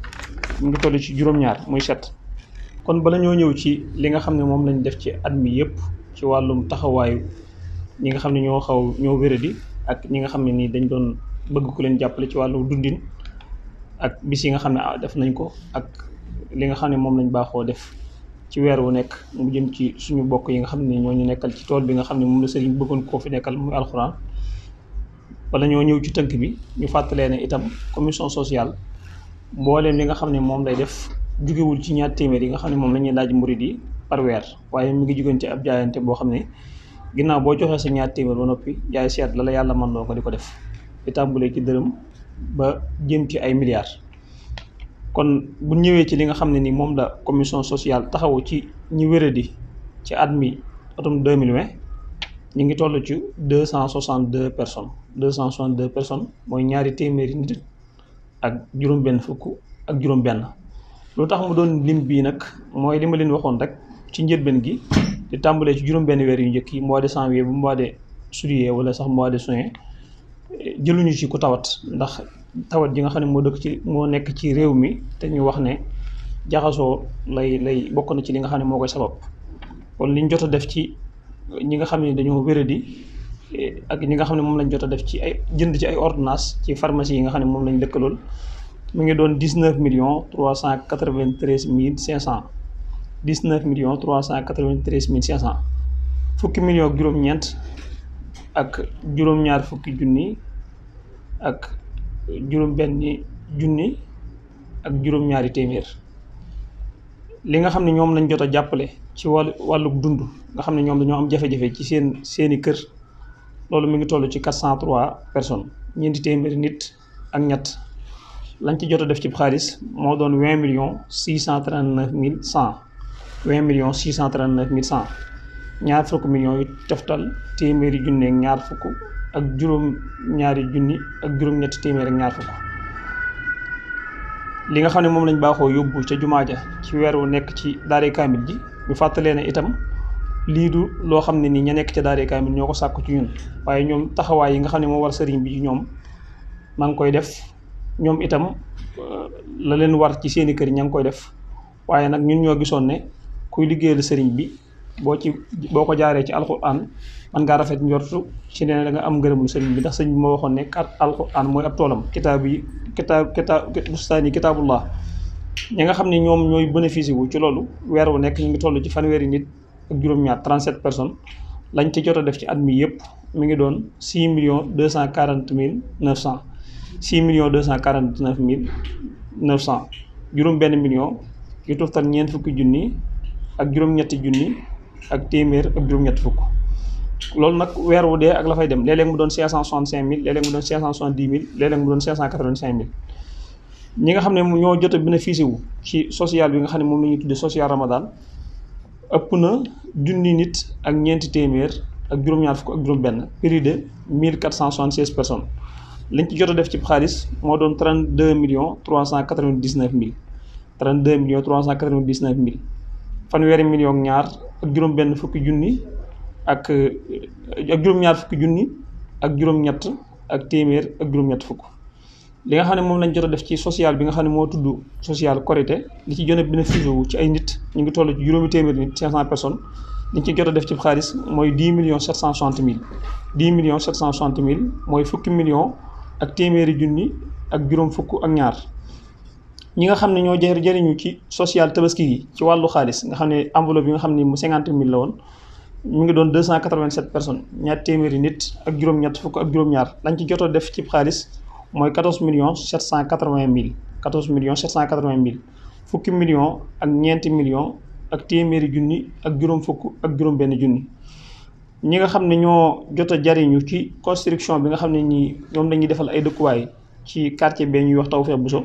mi ngi toll ci juróom-ñaar muy set kon bala ñoo ñëw ci li nga xam ne moom lañ def ci at mi yëpp ci wàllum taxawaayu ñi nga xam ne ñoo xaw ñoo wéradi ak ñi nga xam ne nii dañ doon bëgg ku leen jàppale ci wàllu dundin ak bis yi nga xam ne ah def nañ ko ak li nga xam ne moom lañ baaxoo def ci weer wu nekk mu jëm ci suñu bokk yi nga xam ne ñoo ñu nekkal ci tool bi nga xam ne moom la sëriñ bëggoon koo fi nekkal muy alxuraan wala ñoo ñëw ci tënk bi ñu fàttalee ne itam commission sociale mbooleem li xam ne moom lay def jugewul ci ñaar téeméer yi nga xam ne moom la ñuy laaj murid di par weer waaye mu ngi jugoon ci ab jaayante boo xam ne ginnaaw boo joxee sa ñaar téeméer ba noppi jaay seet la la yàlla mën loo ko di ko def di tàmbulee ci dërëm ba jëm ci ay milliards kon bu ñëwee ci li nga xam ne ni moom la commission sociale taxawu ci ñi wéradi ci at mi atum deux mille vingt ñu ngi toll ci deux cent soixante deux personnes deux cent soixante deux personnes mooy ñaari téeméeri nit ak juróom-benn fukk ak juróom-benn lu tax mu doon lim bii nag mooy li ma leen waxoon rek ci njër njëlbeen gi di tàmbalee ci juróom-benn weer yu njëkk yi mois de janvier bu mois de juillet wala sax mois de juin. jëluñu ci ku tawat ndax tawat ji nga xam ne moo dëkk ci moo nekk ci réew mi te ñu wax ne jaxasoo lay lay bokk na ci li nga xam ne moo koy sabab kon liñ jot a def ci ñi nga xam ne dañoo wéradi eh, ak ñi nga xam ne moom lañ jot a def ci ay jënd ci ay ordonnance ci pharmacie yi nga xam ne moom lañ dëkkalool mu ngi doon dix neuf million trois cent quatre vingt treize mille cinq cent dix neuf millions trois cent quatre vingt treize mille cinq cent fukki millions ak juróom-ñaar fukki junni ak juróom-benni junni ak juróom-ñaari téeméer li nga xam ne ñoom lañ jot a jàppale ci wàllu wàllu dund nga xam ne ñoom dañoo am jafe-jafe ci seen seeni kër loolu mu ngi toll ci 403 personnes ñeenti téeméeri nit ak ñett lañ ci jot a def ci xaalis moo doon 20 millions 639 mille 100 20 millions 639 mille 100. ñaar fukk millions yu toftal téeméeri junni ak ñaar fukk ak juróom ñaari junni ak juróom-ñetti téeméer ak ñaar fukk li nga xam ne moom lañ baaxoo yóbbu ca jumaa ja ci weer wu nekk ci daaree kaamil ji ñu fàttalee ne itam lii du loo xam ne nii ña nekk ca daaree kaamil ñoo ko sàkku ci ñun waaye ñoom taxawaay yi nga xam ne moom war sëriñ bi ñoom maa ngi koy def ñoom itam la leen war ci seeni kër ña ngi koy def waaye nag ñun ñoo gisoon ne kuy liggéeyal sëriñ bi boo ci boo ko jaaree ci alxuraan man ngaa rafet njortu ci ne da nga am ngërëmul sëriñ bi ndax sëriñ bi moo waxoon ne kat alxuraan mooy ab toolam kitaab yi kitaab kitaab bustaani kitaabullah ñi nga xam ne ñoom ñooy bénéfice wu ci loolu weer wu nekk ñu ngi toll ci fanweeri nit ak juróom-ñaar 37 personnes lañ ci jot a def ci at mii yëpp mi ngi doon 6 millions 240 mille 900 6 millions 249 mille 900 juróom benn million yu toftal ñeent fukki junni ak juróom-ñetti ak téeméer ak juróom-ñett fukk loolu nag weer wu dee ak la fay dem léeg-léeg mu doon 565000 léeg-léeg mu doon 570000 léeg-léeg mu doon 585000 ñi nga xam ne ñoo jot a bénéficié wu ci social bi nga xam ne moom la ñuy tuddee social Ramadan ëpp na junni nit ak ñeenti téeméer ak juróom-ñaar fukk ak juróom-benn prix de 1476 personnes liñ ci jot a def ci xaalis moo doon 32 millions 399 mille 32 millions 399 mille. fanweeri million ñaar ak juróom-benn fukki junni ak eh, ak juróom-ñaar fukki junni ak juróom-ñett ak téeméer ak juróom-ñett fukk. li nga xam ne moom lañ jot a def ci social bi nga xam ne moo tudd social Korité li ci gën a bénéficié wu ci ay nit ñu ngi toll ci juróomi téeméer nit 500 personnes liñ ci jot a def ci xaalis mooy 10 millions 760 million 10 millions 760 mille mooy fukki millions ak téeméeri junni ak juróom fukk ak ñaar. ñi nga xam ne ñoo jër jëriñu ci social tabaski yi ci wàllu xaalis nga xam ne enveloppe yi nga xam ne mu cinquante mille la woon mu ngi doon deux cent quatre-vingt-sept personnes ñaar téeméeri nit ak juróom-ñett fukk ak juróom-ñaar lañ ci jotoo def ci xaalis mooy quatorze million sept cent quatre-vingt mille quatorze millions sept fukki million ak ñeenti million ak téeméeri junni ak juróom fukk ak juróom-benn junni ñi nga xam ne ñoo jot a jariñu ci construction bi nga xam ne ñi ñoom dañuy defal ay dëkkuwaay ci quartier bee ñuy wax Tawfekh Bousso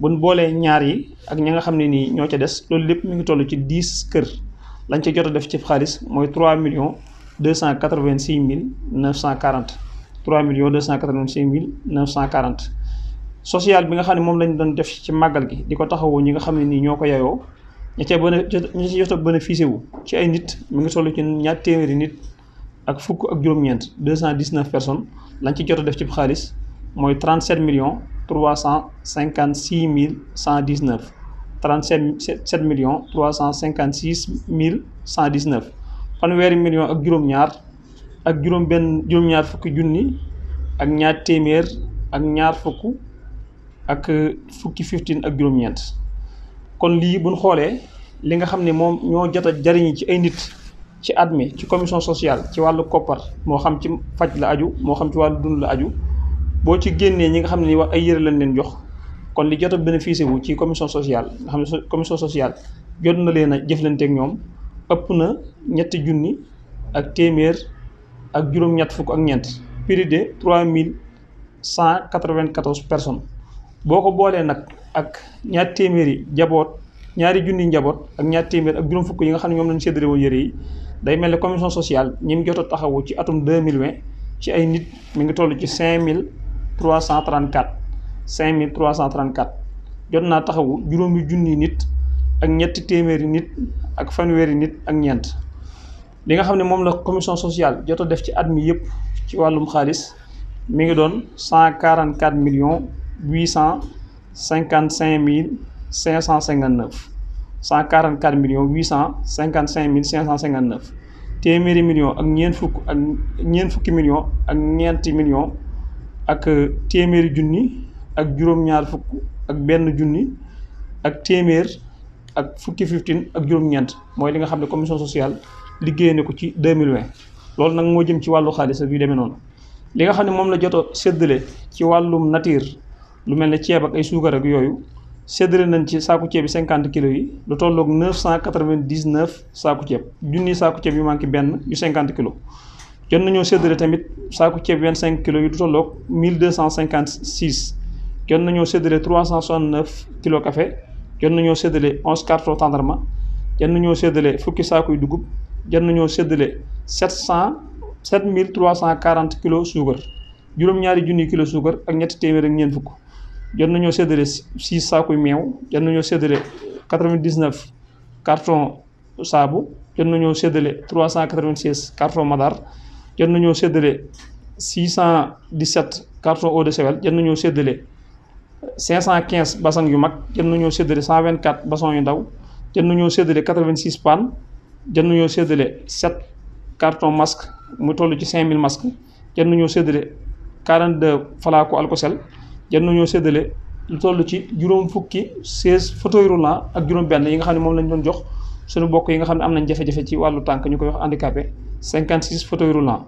buñ boolee ñaar yi ak ñi nga xam ne nii ñoo ca des loolu lépp mu ngi toll ci dix kër lañ ci jot a def ci xaalis mooy trois millions deux cent quatre-vingt-six milles neuf cent quarante trois millions deux cent quatre-vingt-six mille neuf cent quarante social bi nga xam ne moom lañ doon def ci màggal gi di ko taxawoo ñi nga xam ne nii ñoo ko yayoo ña ca bën ña ci jot a bénéficié wu ci ay nit mi ngi toll ci ñaar téeméeri nit ak fukk ak juróom-ñeent deux cent dix-neuf personnes lañ ci jot def ci xaalis mooy million 37 millions 356 mille 119 37 7 millions 356 mille 119 fanweeri millions ak juróom-ñaar ak juróom-benn juróom-ñaar fukki junni ak ñaar téeméer ak ñaar fukk ak fukki 15 ak juróom-ñeent kon lii buñ xoolee li nga xam ne moom ñoo jot a jariñi ci ay nit ci at mi ci commission sociale ci wàllu koppar moo xam ci faj la aju moo xam ci wàll dund la aju boo ci génnee ñi nga xam ne wax ay yére lañ leen jox kon li jot a bénéficié wu ci commission sociale nga xam ne commission sociale jot na leen a jëflanteeg ñoom ëpp na ñetti junni ak téeméer ak juróom-ñett fukk ak ñeent prix de trois cent quatre vingt personnes boo ko boolee nag ak ñaar téeméeri jaboot ñaari junni njaboot ak ñaar téeméer ak juróom fukk yi nga xam ne ñoom lañu séddale woon yëre yi day mel ne commission sociale ñi mu jot a taxawu ci atum deux mille vingt ci ay nit mi ngi toll ci cinq mille cent cent trent cinq 5334 5334 jot naa taxawu juróomi junni nit ak ñetti téeméeri nit ak fanweeri nit ak ñeent li nga xam ne moom la commission sociale jot a def ci at mi yëpp ci wàllum xaalis mi ngi doon cent millions 855 mille 559 144 millions 855 mille 559 téeméeri million ak ñeent fukk ak ñeent fukki million ak ñeenti million ak téeméeri junni ak juróom-ñaar fukk ak benn junni ak téeméer ak fukki fifteen ak juróom-ñeent mooy li nga xam ne commission sociale liggéey na ko ci mille 2020 loolu nag moo jëm ci wàllu xaalis ak yu demee noonu li nga xam ne moom la joto séddale ci wàllum nature lu mel ne ceeb ak ay suukar ak yooyu séddale nañ ci saaku ceeb yi cinquante kilos yi lu tollook neuf cent quatre-vingt-dix-neuf saaku ceeb junni saaku ceeb yu manqué benn yu cinquante kilos jot nañoo séddale tamit saako ceeb 25 kilos yu du tolloog 1256 jot nañoo séddale 369 kilos café jot nañoo séddale 11 cartons tendarma jot nañoo séddale fukki saako dugub jot nañoo séddale cent 7340 kilos suukar juróom-ñaari junni kilo suukar ak ñetti téeméer ak ñeent fukk jot nañoo séddale 6 saako yu meew jot nañoo séddale 99 cartons saabu jot nañoo séddale 396 cartons madar jot nañoo séddale 617 cartons eau de Javel jot nañoo séddale 515 bassin yu mag jot nañoo séddale 124 bassin yu ndaw jot nañoo séddale 86 pannes jot nañoo séddale 7 cartons masque mu toll ci 5000 masques jot nañoo séddale 42 flacons alcool gel jot nañoo séddale lu toll ci juróom fukki 16 fauteuils roulants ak juróom benn yi nga xam ne moom lañ doon jox. suñu bokk yi nga xam ne am nañ jafe-jafe ci wàllu tànk ñu koy wax handicapé 56 fauteuil roulant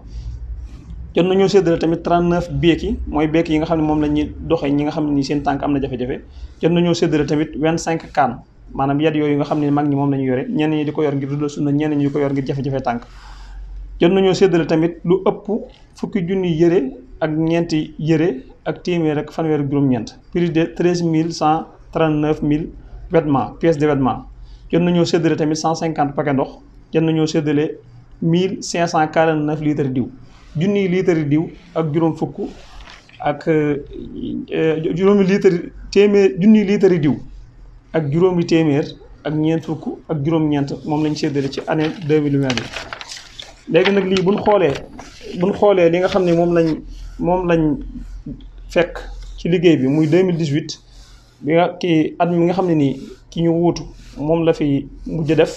jot nañoo séddale tamit 39 beek yi mooy beek yi nga xam ne moom la doxe ñi nga xam ne ni seen tànk am na jafe-jafe jot nañoo séddale tamit 25 kaan maanaam yat yooyu nga xam ne mag ñi moom la yore ñenn ñi di ko yor ngir dundal sunna ñenn ñi di ko yor ngir jafe-jafe tànk jot nañoo séddale tamit lu ëpp fukki junni yëre ak ñeenti yëre ak téeméer ak fanweer ak juróom-ñeent prix de 13 139 000 vêtements pièces de vêtements jot nañoo séddale tamit cent cinquante paquet ndox jot nañoo seddale mille cinq cent quarante neuf litres diw junniy litres diw ak juróom fukk ak euh, euh, juróomi litre téeméer junniy litres diw ak juróomi téeméer ak ñeent fukk ak juróom-ñeent moom lañ séddale ci année deux mille vingt bi léegi nag lii buñ xoolee buñ xoolee li nga xam ne moom lañ moom lañ fekk ci liggéey bi muy deux mille dix huit bi nga kii at mi nga xam ne nii ki ñu wuutu moom la fi mujj def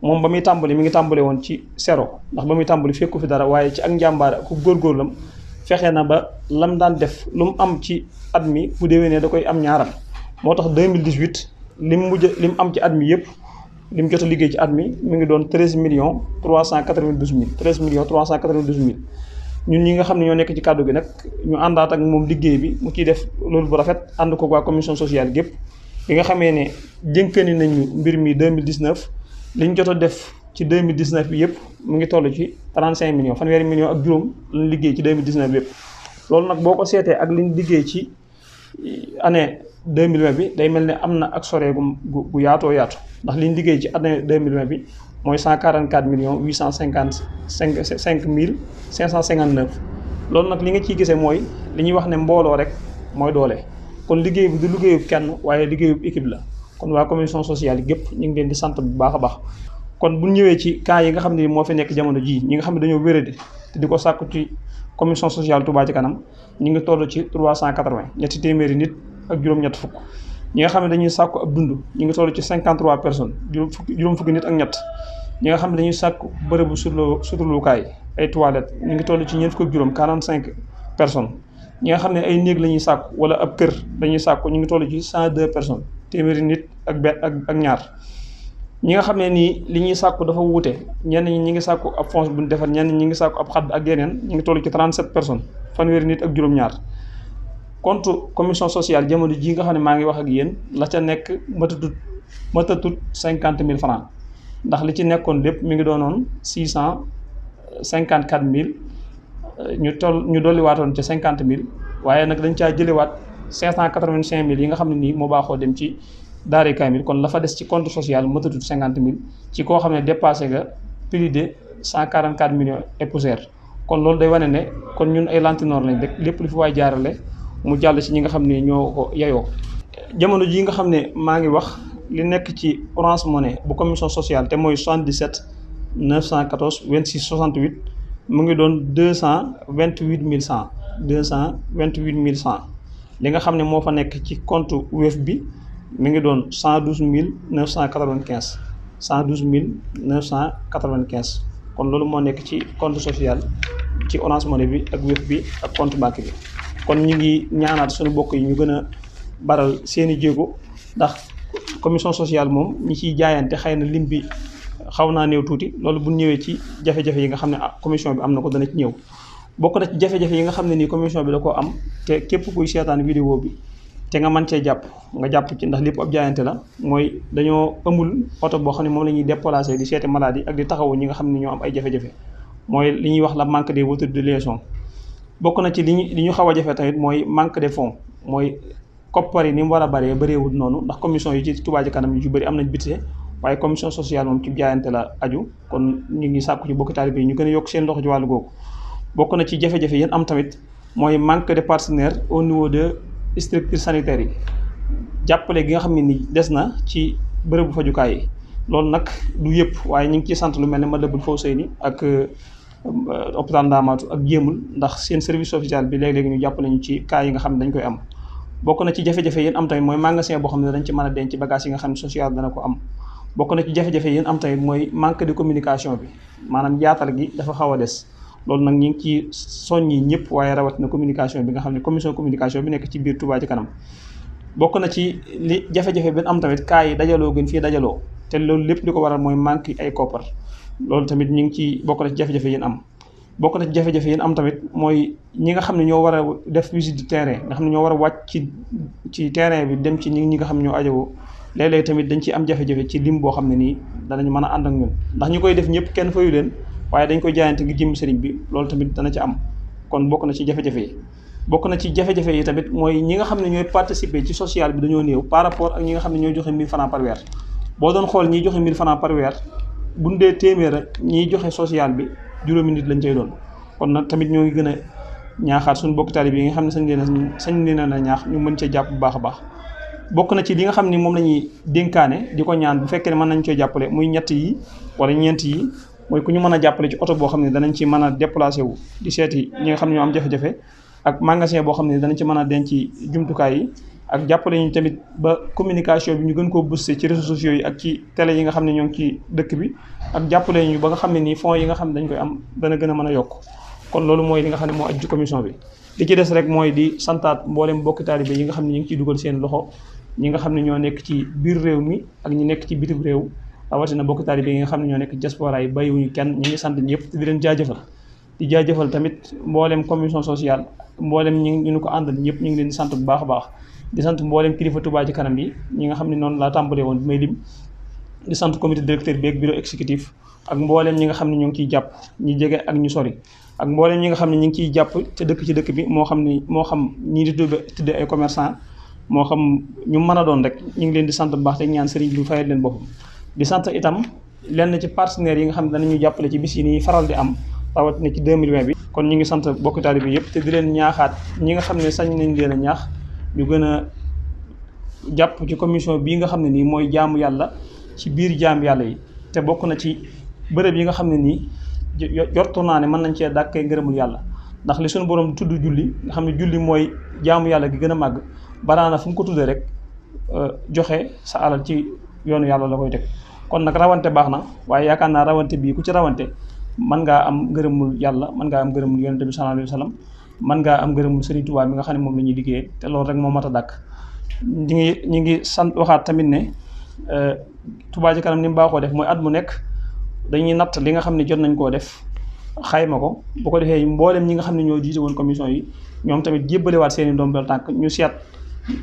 moom ba muy tàmbali mi ngi tàmbale woon ci sero ndax ba muy tàmbali fekku fi dara waaye ci ak njàmbaar ak góorgóorlam fexe na ba lam daan def lu mu am ci at mi bu déwénee da koy am ñaaram moo tax 2018 lim mujj lim am ci at mi yëpp lim jot a liggéey ci at mi mi ngi doon 13 millions 392 mille 13 millions 392 mille ñun ñi nga xam ne ñoo nekk ci kàddu gi nag ñu àndaat ak moom liggéey bi mu ciy def loolu bu rafet ànd ko waa commission sociale gépp bi nga xamee ne jënkani nañu mbir mi 2019 liñ jot a def ci 2019 bi yëpp mu ngi toll ci 35 millions fanweeri millions ak juróom lañ liggéey ci 2019 bi yëpp loolu nag boo seetee ak liñ liggéey ci eh, année 2020 bi day mel ne am na ak soree gu gu yaatoo yaatu ndax liñ liggéey ci année 2020 bi mooy 144 millions 850 cinq cinq mille 559 loolu nag li nga ciy gisee mooy li ñuy wax ne mbooloo rek mooy doole. kon liggéey bu du liggéeyub kenn waaye liggéeyub équipe la kon waa commission sociale yi gépp ñu ngi leen di sant bu baax a baax kon bu ñëwee ci cas yi nga xam ne moo fi nekk jamono jii ñi nga xam ne dañoo wéradi di ko sàkku ci commission sociale Touba ci kanam ñu ngi toll ci trois cent quatre ñetti téeméeri nit ak juróom fukk ñi nga xam ne dañuy sàkku ab dund ñu ngi toll ci cinquante trois personnes juróom fukki juróom fukki nit ak ñett ñi nga xam ne dañuy sàkku bërëbu suturlukaay ay toilettes ñu ngi toll ci ñeent fukk juróom quarante cinq personnes ñi nga xam ne ay néeg la ñuy sàkku wala ab kër dañuy sàkku ñu ngi toll ci cent deux personnes téeméeri nit ak benn ak ñaar ñi nga xam ne nii li ñuy sàkku dafa wuute ñenn ñi ñi ngi sàkku ab fonds bu ñu defar ñenn ñi ngi sàkku ab xadd ak yeneen ñu ngi toll ci trente sept personnes fanweeri nit ak juróom-ñaar compte commission sociale jamono ji nga xam ne maa ngi wax ak yéen la ca nekk matatut matatut cinquante mille francs ndax li ci nekkoon lépp mi ngi doonoon six cent cinquante quatre mille ñu toll ñu dolliwaatoon ca cinquante mille waaye nag dañ caa jëlewaat cinq cent quatre-vingt-cinq yi nga xam ne nii moo baaxoo dem ci daare kaamil kon la fa des ci compte social mëtatut cinquante mille ci koo xam ne dépassé nga plus de cent quarante-quatre millions et poussière kon loolu day wane ne kon ñun ay lantinoor lañ rek lépp lu fi waay jaarale mu jàll ci ñi nga xam ne ñoo ko yayoo jamono ji nga xam ne maa ngi wax li nekk ci Orange Money bu commission sociale te mooy 77 914 26 68 mu ngi doon deux cent vingt-huit mille cent deux cent vingt-huit mille cent li nga xam ne moo fa nekk ci compte Wave bi mi ngi doon cent douze mille neuf cent quatre quinze cent douze mille neuf cent quatre quinze kon loolu moo nekk ci compte social ci Orange Money bi ak Wave bi ak compte banque bi kon ñu ngi ñaanaat suñu bokk yi ñu gën a baral seeni jéego ndax commission sociale moom ñi ciy jaayante xëy na lim bi xaw naa néew tuuti loolu bu ñëwee ci jafe-jafe yi nga xam ne ah commission bi am na ko dana ci ñëw bokk na ci jafe-jafe yi nga xam ne nii commission bi da koo am te képp kuy seetaan vidéo bi te nga man cee jàpp nga jàpp ci ndax lépp ab jaayante la mooy dañoo amul oto boo xam ne moom la ñuy déplacé di seeti malade yi ak ñi nga xam ne ñoo am ay jafe-jafe mooy li ñuy wax la manque de voiture de liaison bokk na ci li ñu li ñu xaw a jafe tamit mooy manque de fonds mooy koppar yi ni mu war a bëree bëreewul noonu ndax commission yi ci Touba Kanam yu ci bëri am nañ budget waaye commission sociale moom ci jaayante la aju kon ñu ngi sàkku ci bokki taalibe yi ñu gën a yokk seen loxo ci wàllu googu bokk na ci jafe-jafe yéen am mooy manque de partenaire au niveau de structures yi jàppale gi nga xam ne ni des na ci bërëbu fajukaay yi loolu nag du yëpp waaye ñu ngi ciy sant lu mel ne Matlaboul Fawzayni ak euh, hôpital Ndaamaatu ak jéemul ndax seen service social bi léeg-léeg ñu jàppale ci cas yi nga xam ne dañ koy am bokk na ci jafe-jafe yéen am tamit mooy magasin boo xam ne dañ ci mën a denc bagage yi nga xam ne social dana ko am bokk na ci jafe-jafe yéen am tamit mooy manque de communication bi maanaam yaatal gi dafa xaw a des loolu nag ñu ngi ci soññi ñëpp waaye rawatina communication bi nga xam ne commission communication bi nekk ci biir Touba ci bokk na ci li jafe-jafe bi am tamit cas yi dajaloo gën fii dajaloo te loolu lépp li ko waral mooy manque ay koppar loolu tamit ñu ngi ci bokk na ci am bokk na ci jafe am tamit mooy ñi nga xam ne ñoo war a def visite du terrain nga xam ne ñoo war a wàcc ci ci terrain bi dem ci ñi nga xam ne ñoo ajowoo léeg-léeg tamit dañ ci am jafe-jafe ci lim boo xam ne nii danañu mën a ànd ak ñun ndax ñu koy def ñëpp kenn fayu leen waaye dañ koy jaayante ngir jëm sëriñ bi loolu tamit dana ci am kon bokk na ci jafe-jafe yi bokk na ci jafe yi tamit mooy ñi nga xam ne ñooy participer ci social bi dañoo par rapport ak ñi nga xam ne ñooy joxe 1000 francs par boo doon xool ñiy joxe 1000 francs par bu ñu dee téeméer rek ñiy joxe social bi juróomi nit lañ cay doon kon nag tamit ñoo ngi gën a ñaaxaat suñu bokk taalib yi nga xam ne sañ leen a sañ leen a ñaax ñu mën cee jàpp bu baax a baax bokk na ci li nga xam ni moom la ñuy dénkaane di ko ñaan bu fekkee ne mën nañ koy jàppale muy ñett yi wala ñeent yi mooy ku ñu mën a jàppale ci oto boo xam ne danañ ci mën a déplacé wu di seeti ñi nga xam ne ñoo am jafe ak magasin boo xam ne danañ ci mën a denc jumtukaay yi ak jàppale ñu tamit ba communication bi ñu gën koo booster ci réseaux sociaux yi ak ci télé yi nga xam ne ñoo ngi ci dëkk bi ak jàppale ñu ba nga xam ne nii fonds yi nga xam ne dañ koy am dana gën a mën a yokk kon loolu mooy li nga xam ne moo aju ci commission bi li ci des rek mooy di santaat mboolem bokki taalibe yi nga xam ne ñu ngi ciy dugal seen loxo ñi nga xam ne ñoo nekk ci biir réew mi ak ñi nekk ci bitim réew rawatina bokk taalibe nga xam ne ñoo nekk diaspora yi bàyyiwuñu kenn ñu sant ñëpp di leen jaajëfal di jaajëfal tamit mboolem commission sociale mboolem ñi ñu ñu ko àndal ñëpp ñu ngi leen di sant bu baax a baax di sant mboolem kilifa Touba ci kanam yi ñi nga xam ne noonu laa tàmbalee woon bi may lim di sant comité directeur bi ak bureau ak mboolem ñi nga xam ne ñu ngi ciy jàpp ñu jege ak ñu sori ak mboolem ñi nga xam ne ñu ngi ciy jàpp te dëkk ci dëkk bi moo xam ne moo xam ñi di tuddee ay commerçant moo xam ñu mën a doon rek ñu ngi leen di sant bu baax te ñaan sëriñ bi fayal leen boppam di sant itam lenn ci partenaires yi nga xam ne danañu jàppale ci bis yi faral di am rawatina ci 2020 bi kon ñu ngi sant bokki taalibe bi yëpp te di leen ñaaxaat ñi nga xam ne sañ nañ leen ñaax ñu gën a jàpp ci commission bii nga xam ne nii mooy jaamu yàlla ci biir jaamu yàlla yi te bokk na ci bërëb yi nga xam ne nii jortu naa ne mën nañ cee dàkkee ngërëmul yàlla ndax li suñu borom tudd julli nga xam ne julli mooy jaamu yàlla gi gën a màgg banaana fu mu ko tuddee rek euh, joxe sa alal ci yoonu yàlla la koy def kon nag rawante baax na waaye yaakaar naa rawante bii ku ci rawante mën ngaa am ngërëmul yàlla mën ngaa am ngërëmul yonente bi sallallahu alayhi wa sallam mën am ngërëmul Sëriñ Tuubaa mi nga xam ne moom mi ñuy liggéeyee te loolu rek moo mat a dàkk ñi ngi ñi ngi sant waxaat tamit ne euh, tubaa ci kanam ni mu baaxoo def mooy at mu nekk dañuy natt li nga xam ne jot nañ koo def ma ko bu ko defee mboolem ñi xam ne ñoo jiite woon commission yi ñoom tamit jébbalewaat seen tànk ñu seet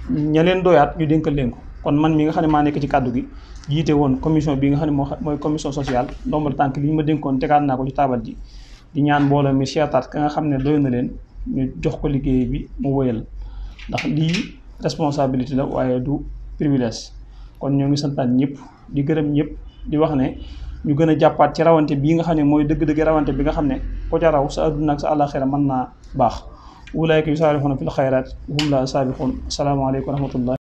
ña leen doyaat ñu dénkal leen ko kon man mi nga xam ne maa nekk ci kàddu gi jiite woon commission bi nga xam ne moo mooy commission sociale ndombal tànk li ñu ma dénkoon tegaat naa ko ji di ñaan mbooloo mi seetaat nga xam ne doy na leen ñu jox ko liggéey bi mu wëyal ndax lii responsabilité la waaye du privilège kon ñoo ngi santaat ñëpp di gërëm ñëpp di wax ne ñu gën a jàppaat ci rawante bii nga xam ne mooy dëgg-dëgg rawante bi nga xam ne ko ca raw sa àdduna ak sa àllaaxira mën naa baax ulaayka yusaarifuuna fil xayraat wa hum laa saabixuun asalaamaaleykum wa rahmatullah